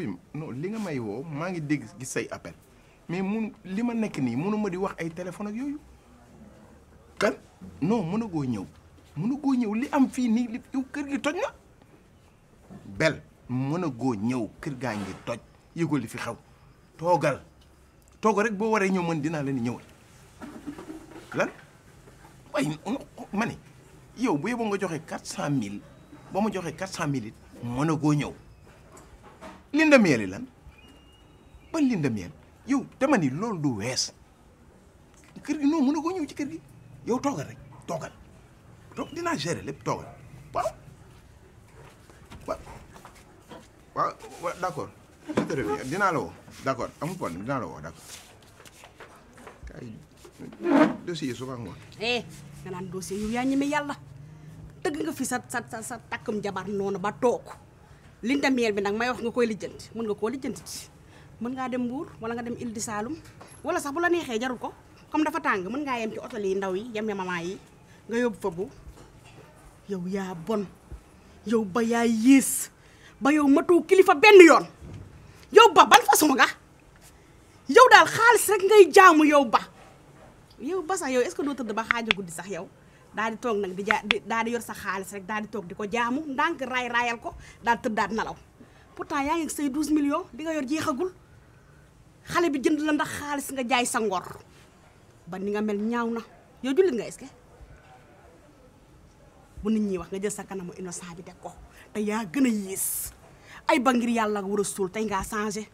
wuyu li nga may woo maa ngi dégg gis say appel mais mun li ma nekk nii mënu di wax ay téléphone yooyu kan non mën a ñëw mën a ñëw li am fii nii li kër gi toj na bel mën a goo ñëw kër gaa ngi toj yëgoo li fi xew toogal toogal rek boo waree ñëw man dinaa leen ñëwal lan waaye ma ne yow bu yeboo nga joxe quatre cent mille ba ma joxee quatre cent mille it a goo ñëw linde miel yi lan ban linde miel yow dama ni loolu du wees kër gi non mën na koo ñëw ci kër gi yow toogal rek toogal toog dinaa gérer lépp toogal waaw waaw waaw waaw d'accord dinaa la woo d'accord amul problème dinaa la woo d'accord kay dossier suba ngoon eh nga naan dossier yow yaa ñeme ba toog lune de bi nag may wax nga koy lijjanti mën nga koo lijjanti mën ngaa dem Mbour wala nga dem Île du Saloum wala sax bu la neexee jarul ko comme dafa tàng mën ngaa yem ci hôtel yi ndaw yi yem ya yi nga yóbbu fa bu yow yaa bon yow ba yaa yées ba yow matu kilifa benn yoon yow ba ban façon nga yow daal xaalis rek ngay jaamu yow ba yaw ba sax yow est-ce doo tëdd ba xaaja guddi sax yow daal di toog nag di jaa di daal di yor sa xaalis rek daal di toog di ko jaamu ndànk raay raayal ko daal tëddaat nalaw pourtant yaa ngi say 12 millions li nga yor jeexagul xale bi jënd la ndax xaalis nga jaay sa ngor ba ni nga mel ñaaw na yow jullit nga est bu nit ñi wax nga jël sa kanamu innocent bi teg ko te yaa gën a yées ay ba ngir yàlla war a suul tey ngaa changé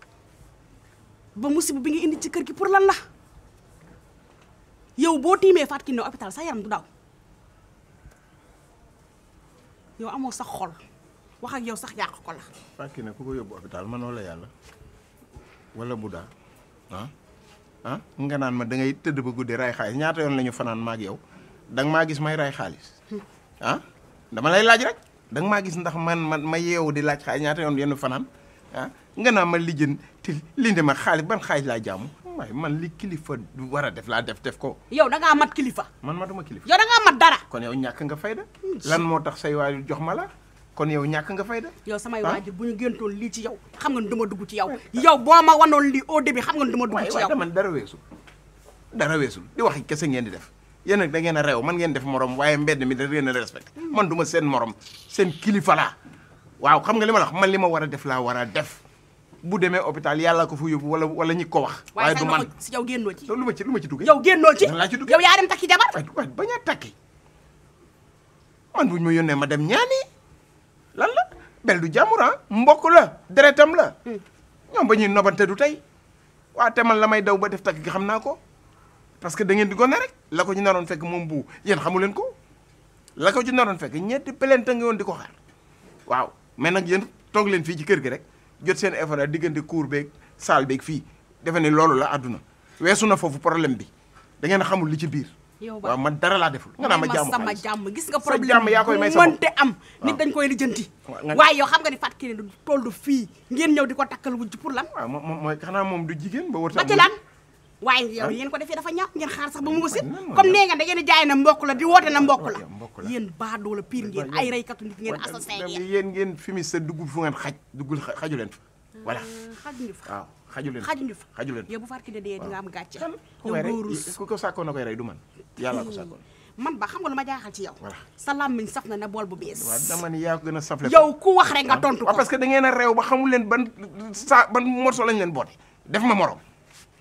ba musiba bi nga indi ci kër gi pour lan la yow boo tiimee faat ki ne hôpital sa yaram du daw. yow amoo sax xol wax ak yow sax yàq ko la. fàkki ne ku ko yóbbu hôpital mënoo la yàlla wala bu daa ah, ah, nga naan ma da ngay tëdd ba guddi ray xaalis ñaata yoon la fanaan ma ak yow da maa gis may ray xaalis ah, dama lay laaj rek danga maa gis ndax man man ma yeewu di laaj xaalis ñaata yoon yenn fanaan nga naan ma lijjën te lindi ma xaalis ban xaalis laa jaamu. waaye man li kilifa war a def laa def def ko. yow da ngaa mat kilifa. man matuma kilifa. yow da ngaa mat dara. kon yow ñàkk nga fay fayda. lan moo tax say waajur jox ma la. kon yow ñàkk nga fay yow samay ah? waajur bu ñu géntoon lii ci yow xam nga duma dugg ci yow. yow boo ma wanoon lii au début xam nga duma dugg ci yow. waaye man dara weesu dara weesu di wax kese ngeen di def. yéen nag da ngeen a réew man ngeen def moroom waaye mbedd mi da ngeen a respecté man du ma seen morom seen kilifa laa waaw xam nga li ma la man li ma war a def laa war a def bu demee hôpital yàlla ko fa yóbbu wala wala ñi ko wax. waaye du man si yow génnoo ci. lu ma ci ma ci duggee. yow génnoo ci yow yaa dem takki jabar. waaye bañ a takki man buñ ma yónnee ma dem ñaani lan la bel du jàmbur ah. mbokk la deretam la. Hmm. ñoom ba ñuy nobante du tey waa te man la may daw ba def takk gi xam naa ko parce que da ngeen di gone rek la ko ñu naroon fekk moom bu yéen xamu leen ko la ko ci naroon fekk ñetti pelente nga woon di ko xaar waaw mais nag yéen toog leen fii ci kër gi rek. jot seen effort diggante cour beeg saal beeg fii defe ne loolu la àdduna weesu na foofu problème bi da ngeen xamul lu ci biir. waaw man dara laa deful. nga naa ma jàmm sama jàmm gis nga problème bi bu mënte am. nit dañ koy lijjanti. waaye yow xam nga ni Fatou Kiné du toll fii ngeen ñëw di ko takkal wujj pour lan. waaw moom mooy xanaa moom du jigéen ba. wër ba ci lan. waaye ah. yow yéen ko defee dafa ñaaw ngeen xaar sax ba mu wasit ah, comme nee nga da ngeen jaay na mbokk la di woote na mbokk la yéen baadoo la pire ngeen ay reykatu nit ngeen ngeen yéen ngeen fi mi sa dugub fu ngeen xaj dugul xaju leen fa ah, voilà xajuñu fa xaju leen xajuñu fa xaju yow bu farki de dee di nga am gàcce ku ko sàkkoon na koy rey du man yàlla ko sàkkoon man ba xam nga lu ma jaaxal ci yow sa làmmiñ saf na ne bool bu bees waaw dama ni yaa ko gën a safle yow ku wax rek tontu ko parce que da ngeen a réew ba xamul leen ban sa ban morso lañ leen boote def ma morom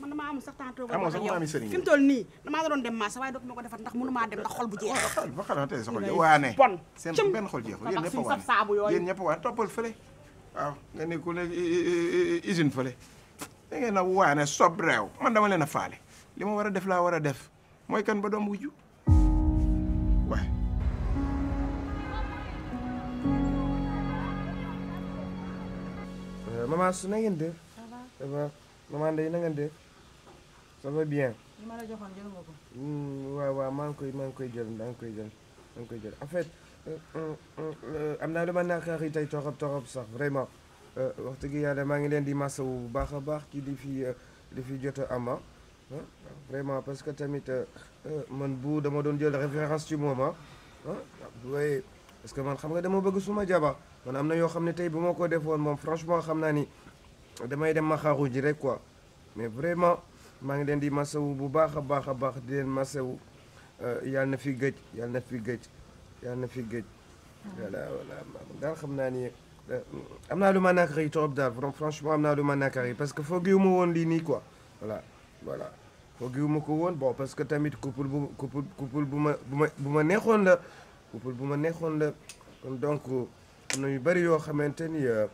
man damaa amul sax temps toog amoo sax maami sëriñ fi mu toll nii damaa la doon dem maasa waaye dootuma ko defar ndax mënumaa dem ndax xol bu jeex oh, ba xalaatee sa xol jeex waane bon seen benn xol jeexul yéen ñëpp waane saabu yooyu yéen ñëpp waane toppal fële waaw nga ne ku ne usine fële da ngeen a waane sob réew man dama leen a faale li ma war a def laa war a def mooy kan ba doom wujju waay euh, maman su na ngeen def maman Ndeye na ngeen def ça va bien. li ma la joxoon jël nga hmm, ngi koy maa ngi koy jël maa ngi koy jël maa ngi koy jël en fait euh, euh, euh, am naa lu ma naqari tey torop torop sax vraiment wax dëgg yàlla maa ngi leen di masawu bu baax a baax ci di fi li fi jot a am ah. vraiment parce que tamit man bu dama doon jël référence ci moom ah waaye parce que man xam nga dama bëgg suma jabar man am na yoo xam ne tey bu ma ko defoon moom franchement xam naa ni damay dem ma xaaru ji rek quoi mais vraiment. maa ngi leen di masawu bu baax a baax a baax di leen masawu euh, yàlla na fi gëj yàlla na fi gëj yàlla na fi gëj voilà voilà daal xam naa ni euh, am naa lu ma nakar yi trop daal franchement am naa lu ma nakar yi parce que foogiwuma woon lii nii quoi voilà voilà foogiwuma ko woon bon parce que tamit couple bu couple bu ma bu ma bu ma neexoon la couple bu ma neexoon la kon donc am na yu bëri yoo xamante ni euh,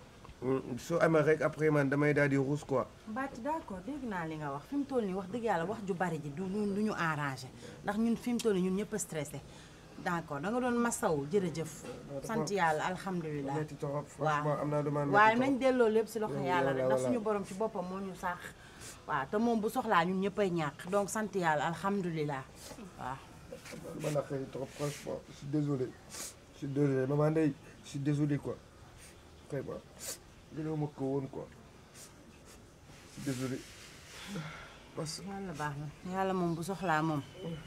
su amee rek après man damay daal di ruus ko Bathie d'accord dégg naa li nga wax fi mu toll nii wax dégg yàlla wax ju bari ji du du ñu arrangé ndax ñun fi mu toll nii ñun ñëpp stressé d'accord da nga doon masawu jërëjëf. sant yàlla alhamdulilah métti trop franchement am naa demande waaye nañ delloo lépp si loxo yàlla rek ndax suñu borom ci boppam moo ñu saax waaw te moom bu soxlaa ñun ñëppay ñàkk donc sant yàlla alhamdulilah waaw. man la xëy trop franchement gënoo ma ko woon quoi désolé yàlla baax na yàlla moom bu soxlaa moom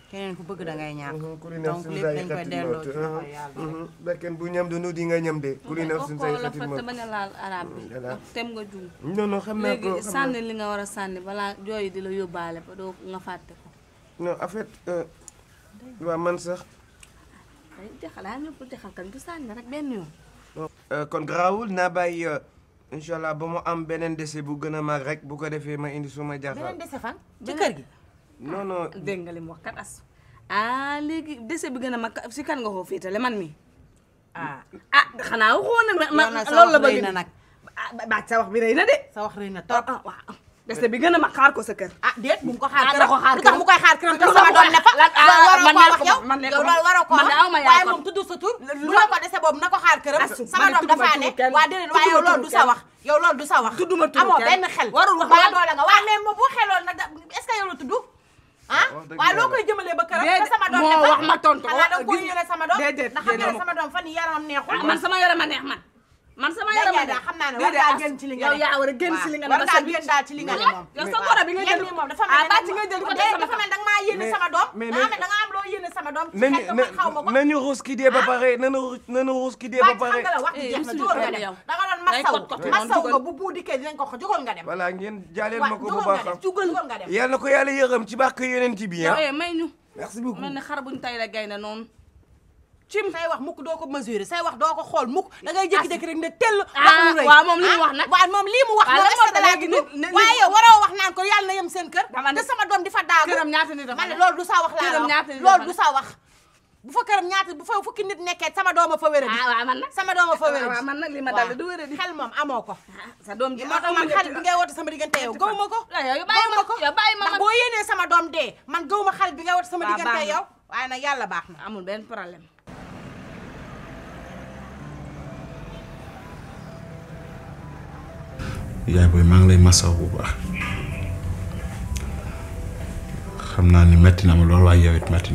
keneen ku bëgg dangay ngay ñàkk uh-huh. donc uh-huh. Uh-huh. bu ñam doonoo di nga ñam de ku li naf a laal arab xam naa li nga war a sànni balaa jooy di la yóbbaale ba doo nga fàtte ko non en fait euh, waaw man sax day dexal daa ñëpp dexal kan bu sànni rek benn yoon euh, kon garaawul naa bàyyi euh, incha allah ba mu am beneen dese bu gën a mag rek bu ko defee ma indi suma jaaxal. beneen dese fan ci gi. non non dégg mu wax kat as. ah léegi dese bi gën a mag si kan nga koo féetale man mi ah ah xanaa waxoon na. ma la bëgg na nag. ah sa wax bi rëy na de. sa wax rëy na trop ah, ah waaw. dese bi gën a mag xaar ko sa kër. déet bu ko xaar këram lu tax xaar këram te man ne ko yow man ne ko man aw ma yaay kon waaye moom sa tur. lu la ko dese boobu na ko xaar këram. sama doom dafa ne waa déedéet waaye yow loolu du sa wax. yow loolu du sa wax tudduma turu kenn amoo xel. warul wax baa doola nga waaw mais moom bu xeloon nag est-ce que yow la tudd. ah waaw loo koy jëmalee ba këram. déedéet ma doom ne fa xanaa da nga koy yore sama doom. déedéet déedéet sama doom fan yi yaramam neexul. man sama yaram a neex man man sama yaram da xam naa ne war ngaa gën ci li nga ne yow yaa war a gën ci li ne war ngaa gën daal ci li nga dafa mel ah, ni nga jël ko sama doom mais da nga am ma ko ki dee ba pare nañu nañu ruus ki dee ba ah. pare da nga eh, doon masaw masaw nga bu bu dikkee dinañ ko ko jógal nga dem voilà ngeen jaaleel ma ko bu baax yàlla na ko ci barke yonent bi ah. eh, merci beaucoup mel ni xar buñ tay re gay na noonu cim say wax mukk doo ko mesurer say wax doo ko xool mukk da ngay jékki-jékki rek ne tell wax lu ah, rëy waaw moom wax lii mu wax moom est-ce que wax naan ko yàlla na yem seen kër te sama doom di fa daagu këram ñaata nit du sa wax laa wax du sa wax bu fa këram ñaata bu fa fukki nit nekkee sama dooma fa wéradi ah, waaw man nag sama fa ah, wéradi waaw man nag li ma dal du wéradi xel moom amoo ko man xarit bi ngay woote sama diggante yow gawuma ko gawuma boo yéenee sama doom dee man gawuma xarit bi ngay woote sama diggante baax na amul benn problème yaay booy maa ngi lay masaw bu baax xam naa ni metti na ma lool waaye yow it metti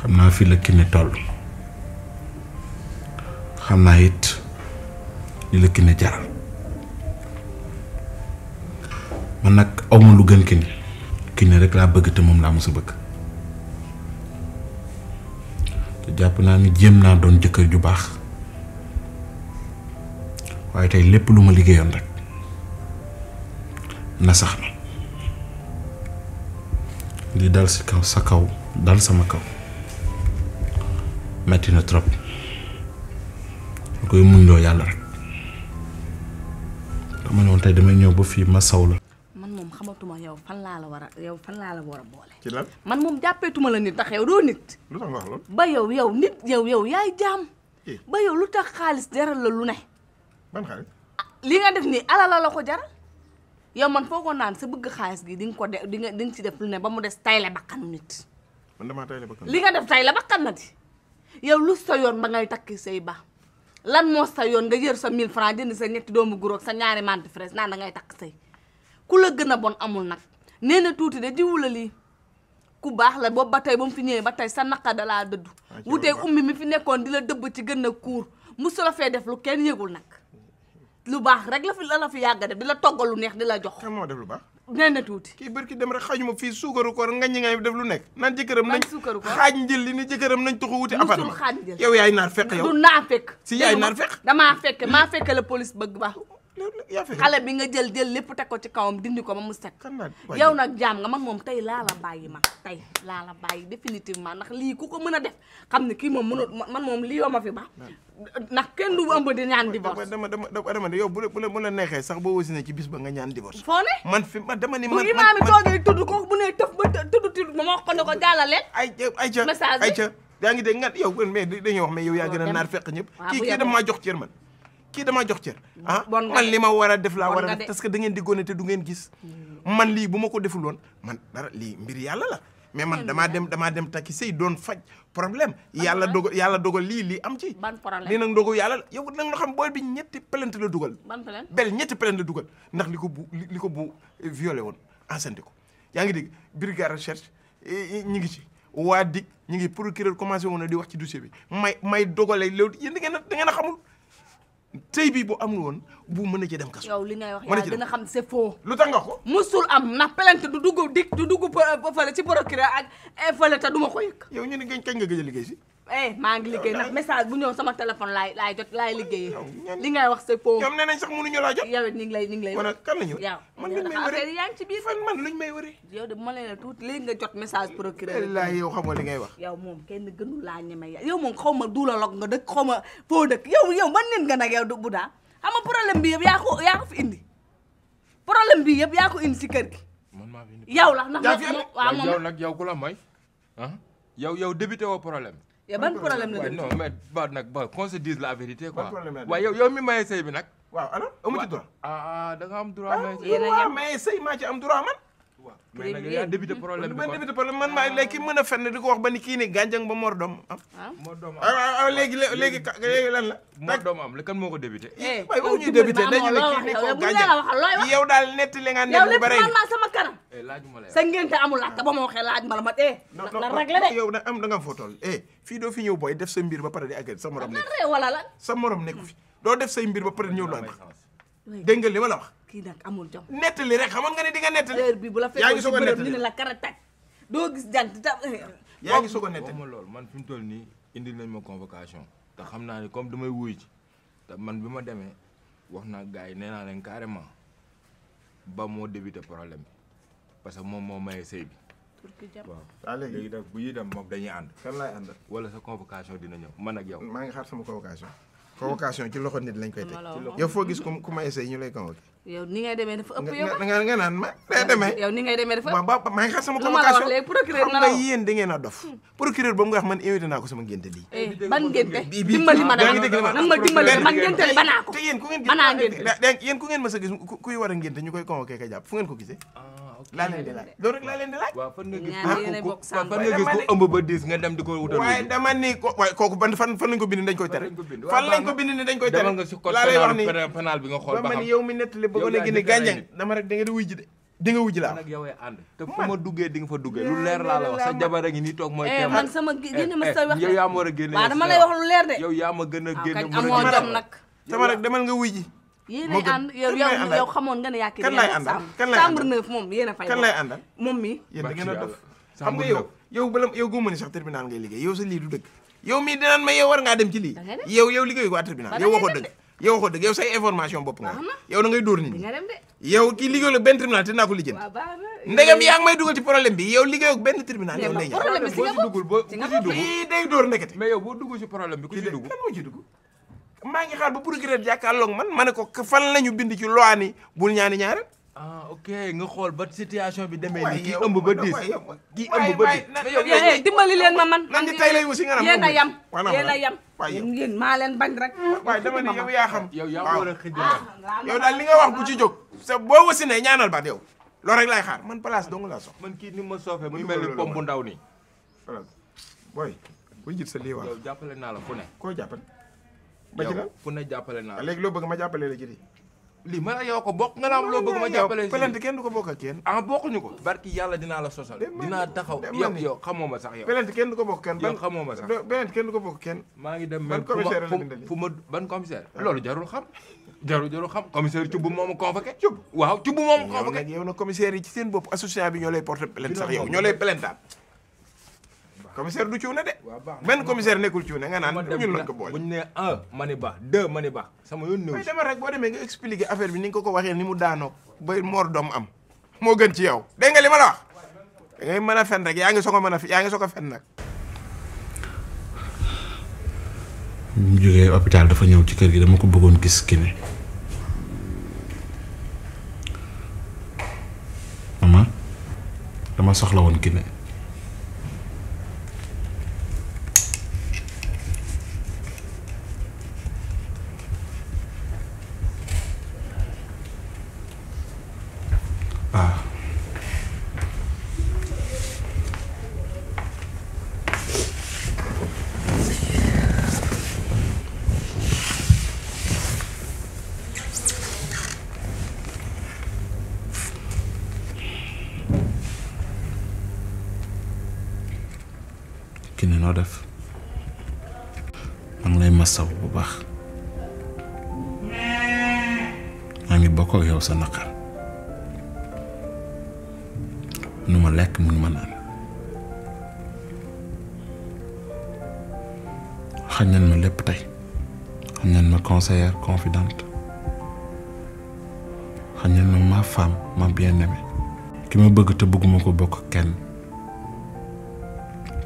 xam naa fii la Kiné toll xam naa it li la Kiné jaral man nag awma lu gën Kiné Kiné rek laa bëgg te moom laa mos bëgg te jàpp naa ni jéem naa doon jëkkër ju baax waaye tey lépp lu ma liggéeyoon rek na sax na li dal si kaw sa kaw dal sama kaw metti na trop lu koy muñ loo yàlla rek dama ñëw ba fii ma saw la man moom xamatuma yow fan laa la war war a boole man moom jàppeetuma la nit ndax yow doo nit ba yow yow nit yow yaay jaam eh. ba yow lu tax xaalis jaral la lu ne ah, li nga def nii alal la ko jaral yow man foogoon naan sa bëgg xaalis gi di nga ko de di nga ci def lu ne ba mu des tayle bakkanu nit. man damaa tayle li nga def tayle bakkan na di yow lu sa yoon ba ngay takk say ba lan moo sa yoon nga yër sa 1000 francs jënd sa ñetti doomu guróog sa ñaari mante fraise naan dangay takk say ku la gën a bon amul nag nee na tuuti de diwu la lii ku baax la boobu ba tey ba mu fi ñëwee ba tey sa naqa dalaa dëddu wutee ummi mi fi nekkoon di la dëbb ci gën a kuur mu su la fee def lu kenn yëgul nag lu baax rek la la la fi yàgg def di la toggal lu neex di la jox. kan moo def lu baax. nee na tuuti. kii bërki dem rek xajuma fii suukaru koor nga ñi ngay def lu nekk. naan jëkkëram nañ xaaj njël li ni jëkkëram nañ tuxu wuti. appartement yow yaay naar fekk yow. du naa fekk. si yaay naar fekk. damaa fekk maa fekk la police bëgg baaxul. xale bi nga jël jël lépp teg ko ci kawam dindi ko ba mu set yow nag jaam nga man moom tey laa la bàyyi ma tey laa la bàyyi définitivement ndax lii ku ko mën a def xam ne kii moom mënut man moom lii yoo ma fi ba ndax kenn du ëmb di ñaan divorce dama dama dama yow bu la bu la neexee sax boo wasi ne bis ba nga ñaan divorce foo ne man fi man dama ni man bu imaam yi wax ko ne yaa ngi dégg nga yow mais a naar fekk ñëpp kii kii dama maa jox man kii damaa jox cër ah man li ma war def laa war a def parce que da ngeen di gone te du ngeen gis man lii bu ma ko deful woon man dara lii mbir yàlla la mais man damaa dem damaa dem takki sëy doon faj problème yàlla dogal yàlla dogal lii lii am ci lii nag dogal yàlla la yow nan nga xam booy bi ñetti plainte la dugal bel ñetti plainte la dugal ndax li ko bu li ko bu violé woon enceinte ko yaa ngi dégg brigade recherche eh, eh, ñi ngi ci waa dig ñi ngi procureur commencé woon na di wax ci dossier bi may may dogalee loolu yéen ngeen a da ngeen a xamul tey bii bu amul woon bu mën na cee dem kaso. yow li ngay wax yaa dina xam c'est faux. lu tax nga ko. musul am na plainte du dugg dik du dugg fële ci procureur ak eh, fële te du ma ko yëg. yow ñu ne kañ nga gëj a liggéey si. eh maa ngi liggéey nag message bu ñëw sama téléphone laay laay jot laay liggéeyee. li ngay wax c'est faux. ñoom nee nañ sax mënuñu laa jot. yow it ñu ngi lay ñu ngi lay. wala kan la ñu. yow man luñ may wëree yaa ngi ci biir. fan man luñ may wëree. yow de bu ma leen la tuuti léegi nga jot message procureur. wallaahi yow xam nga li ngay wax. yow moom kenn gënu laa ñeme yow moom xaw ma duulaloog nga dëkk xaw ma foo dëkk yow yow man nit nga nag yow du bu daa xam problème bi yëpp yaa ko indi problème bi yëpp yaa indi si kër gi. man la ndax. waaw moom yow nag yow ku la mooy ah yow yow débuté woo problème. yow ban problème la non mais ba nag ba qu'on se la vérité quoi. waaw yow yow mi maye sëy bi nag. waaw alors amu ci droit. am droit ah, maa ci am droit man. waaw mais nag yaa débuté problème bi débuté mën a fenn di ko wax ba ni kii ni gànjang ba mor doom am ah. mor doom ah, ah, léegi léegi lan la mor doom am la kan moo ko débuté eh, eh, waaye kii ni gànjang yow daal netti li nga ne bu bare yow sama kanam eh, laajuma la sa ngénte amul lakk ba ma waxee laaj ma la ma eh la rek la de yow nag am da nga foo fii doo fi ñëw booy def sa mbir ba pare di sa morom nekk wala la sa morom nekk doo def say mbir ba pare ñëw doo dégg nga li ma la wax kii nag amul jom. nettali rek xam nga ne di nga nettali. heure bi bu la fekkee ci bërëb ñu ne doo gis jant tam. yaa ngi soog a nettali waxuma man fi mu toll nii indil nañ ma convocation te xam naa ne comme damay wuy ci te man bi ma demee wax naa gars yi nee naa leen carrément ba moo débuté problème bi parce moom moo maye sëy bi. pour que jàpp waaw. waaw ah, léegi nag bu ñuy dem moom dañuy ànd. kan laay ànd. wala sa convocation dina ñëw man ak yow. maa ngi xaar sama ci loxo nit lañ koy teg. yow foo gis ku ma essayé ñu lay convoqué. yow ni ngay demee dafa ëpp yow nga nga demee yow ngeen a dof hmm. procureur ba mu man invité naa ko sama ngénte lii eh, ban ngénte dimbali ma nag ma dimbali man ngénte li banaa te yéen ku ngeen gis banaa ngénte ku ngeen mës a gis kuy war a ngénte ñu koy convoqué ka jàpp fu ngeen ko gisee ah. laa leen di laaj loolu rek laa leen di laaj. waaw fan nga gis ko ëmb ba diis nga dem di ko wutal. waaye dama ni ko kooku ban fan fan lañ ko bind dañ koy tere. fan lañ ko bind dañ koy tere. demal a génne gàncax dama rek da nga di de. di nga wujj laa nag yow ma duggee di nga fa duggee lu leer laa la wax sa jabar a ngi nii toog mooy eh, teemal man sama génne ma eh, sa eh, yaa ma war a génne waaw dama lay wax lu gën a ah, génne amoo nag sama rek demal nga wuy ji yéen ay ànd yow yow xamoon nga ne yaa kii kan lay àndal kan lay àndal neuf moom yéen a fay kan lay moom mi a dof xam nga yow yow bala yow gëmuma ni sax tribunal ngay liggéey yow sa lii du dëgg yow mii dinaan ma yow war ngaa dem ci lii yow yow liggéeyu waa tribunal yow waxoo dëgg yow waxoo information bopp nga yow da ngay dóor nit ñi yow kii liggéeyul ak benn tribunal te naa ko lijjanti ndegam yaa ngi may dugal bi yow liggéeyul ak benn tribunal yow lay ñaan boo ci duggul boo ci duggul kii day dóor nekkati dugg maa ngi xaar ba procureur jàkkaarloog man ma ne ko fan la ñu bind ci loi ni bul ñaani ñaareel. ah ok nga xool ba situation bi demee nii kii ëmb ba diis kii ëmb ba diis. mais eh, dimbali leen ma man. man di tey lay wusi nga naan yéen a yem yéen a yem. yéen maa leen bañ rek. waaye dama ni yow yaa xam. yow yaa war a xëj ah, yow daal li nga wax bu ci jóg. sa boo wasi ne ñaanal ba yow loolu rek laay xaar man place dong laa soxla. man kii ni ma soofee muy mel ni pom bu ndaw nii. voilà booy. booy jël sa lii wax yow jàppale naa la fu ne. koo jàppale. ba ci la ku ne jàppale naa léegi loo bëgg ma jàppale la ci di lii man ak yow ko bokk nga naa am loo bëgg ma jàppale pelante kenn du ko bokk ak kenn ah bokkuñu ko barki yàlla dinaa la sosal dinaa taxaw yow yow a ma sax yow pelante kenn du ko bokk kenn yow xamoo ma sax pelante kenn du ko bokk kenn maa ngi dem man commissaire fu ma ban commissaire ah. loolu jarul xam jarul jarul xam commissaire cubb moomu convoqué cubb waaw cubb moomu convoqué yow na commissaire yi ci seen bopp association bi ñoo lay porter plainte commissaire du cuune de. benn commissaire nekkul cuune nga naan ñun lañ ko boole. buñ ne un mani ba mani ba sama yoon néew. mais dama rek demee nga expliquer affaire bi ni nga ko ko waxee ni mu daanoo ba moor doom am moo gën ci yow dégg nga li ma la wax da mën a fen rek yaa ngi soo a mën a ngi soog a fen nag. mu jógee hôpital dafa ñëw ci kër gi dama ko bëggoon gis Kiné. maman dama soxla woon Kiné. loo def maa ngi bu baax maa ngi bokk yow sa naqar nu ma lekk mënu ma naan xañ nañ ma lépp tey xañ nañ ma conseillère confidente xañ ma ma femme ma bien ki ma bëgg te bëgguma ko bokk kenn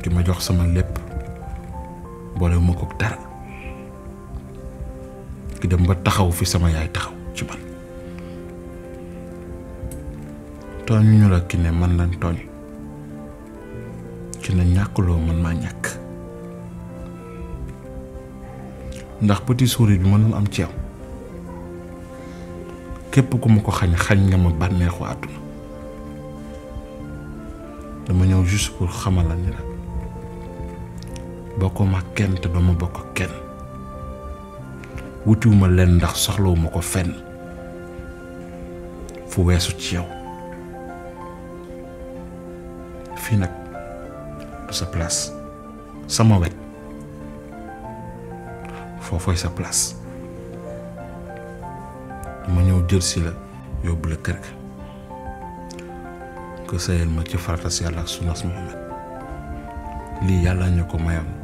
ki ma jox sama lépp boole ma ko dara ki dem ba taxaw fi sama yaay taxaw ci man tooñ ñu la ki ne man lañ tooñ ki ne ñàkkuloo man maa ñàkk ndax petit sourire bi ma doon am ceew képp ku ma ko xañ xañ nga ma bànneexu àdduna dama ñëw juste pour xamal la ni bokkuma kenn te ma bokk kenn wutiwuma leen ndax soxlawuma ko fenn fu weesu ci yow fii nag du sa place sama wet foofooy sa place ma ñëw jël si la yóbbu la kër ga nga ma ci faratas yàlla ak sunas Muhammad lii yàlla ñu ko mayoon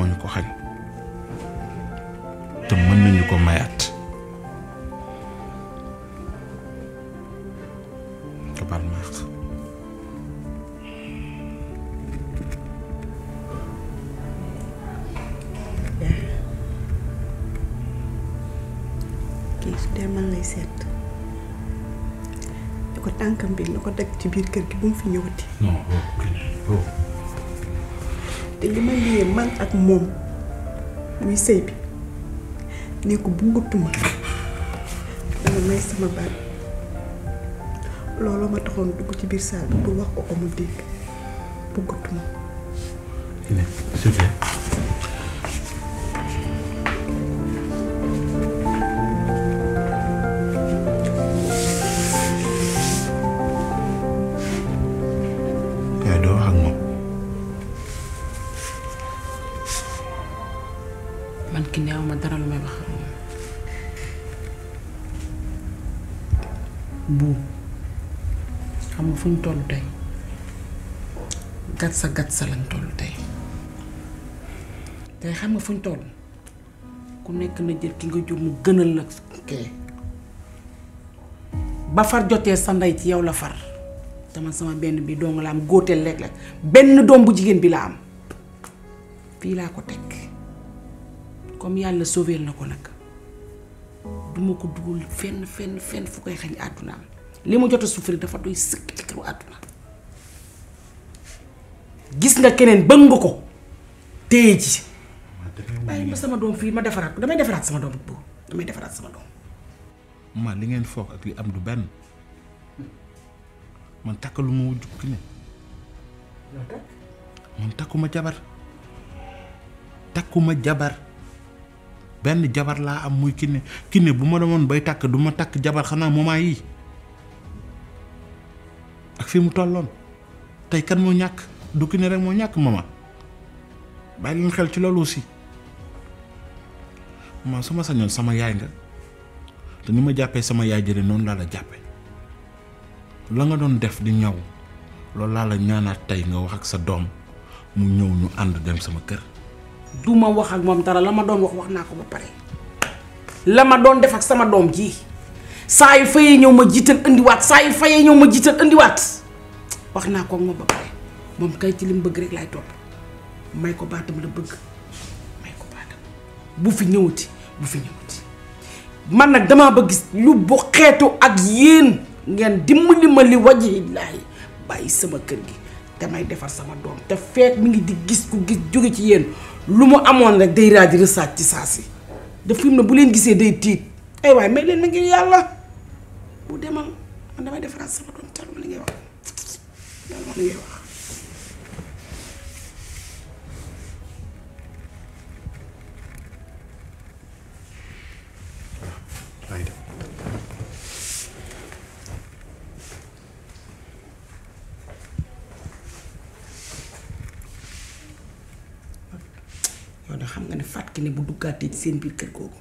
moo ñu ko xañ te mën nañu ko mayaat nga baal su dee man lay seet ñu ko tànkam bi na ko dagg ci biir kër gi bu mu fi ñëwati te li ma liyee man ak moom muy sëy bi ne ko bëggatuma dama may sama baat looloo ma taxoon dugg ci biir saal bi pour wax ko ko mu dégg bëggatuma yaa doo wax ki neew ma dara lu may wax bu xam nga fu ñu toll tey gat sa lañ toll tey tey xam nga fu ñu toll ku nekk na jël ki nga jur mu gënal la kee ba far jotee sa ndey ci yow la far dama sama benn bi dong la am góoteel lekk la benn doom bu jigéen bi la am fii laa ko teg comme yàlla sauvé na ko nag duma ko dugal fenn fenn fenn fu koy xañ àddunaam li ma jot a souffrir dafa doy sëkk ci àdduna gis nga keneen bëgg ko téye ji bàyyi ma sama doom fii ma defaraat damay defaraat sama doom boobu damay defaraat sama doom ma li ngeen foog am du benn ma wujj ki ne man takkuma jabar takkuma jabar benn jabar laa am muy kinne kinne bu ma demoon bay takk du ma takk jabar xanaa moment yii ak fi mu tolloon tey kan moo ñàkk du kinne rek moo ñàkk mama bàyyi leen xel ci loolu aussi ma su ma sañoon sama yaay nga te ni ma jàppee sama yaay jële noonu laa la jàppe la nga doon def di ñaw loolu laa la ñaanaat tey nga wax ak sa doom mu ñëw ñu ànd dem sama kër du ma wax ak moom dara la ma doon wax wax naa ko ba pare la ma doon def ak sama doom ji saa yu fayee ñëw ma jiital indiwaat saa yu fayee ñëw ma jiital indiwaat wax naa ko moom ba pare moom kay ci li bëgg rek lay topp may ko baatam la bëgg may ko baatam bu fi ñëwati bu fi ñëwati man nag damaa ba gis lu bu xeetu ak yéen ngeen dimbali ma li wajhi laahi bàyyi sama kër gi damay defar sama doom te feet mu ngi di gis ku gis jóge ci yéen lu mu amoon rek day raaj rësaat ci saa si daf fi mu ne bu leen gisee day tiit ay waaye may leen na ngir yàlla bu demal man damay defaraat sama doom te lu li ngay wax li ngay wax fàttali bu duggaatee ci seen biir kër googu.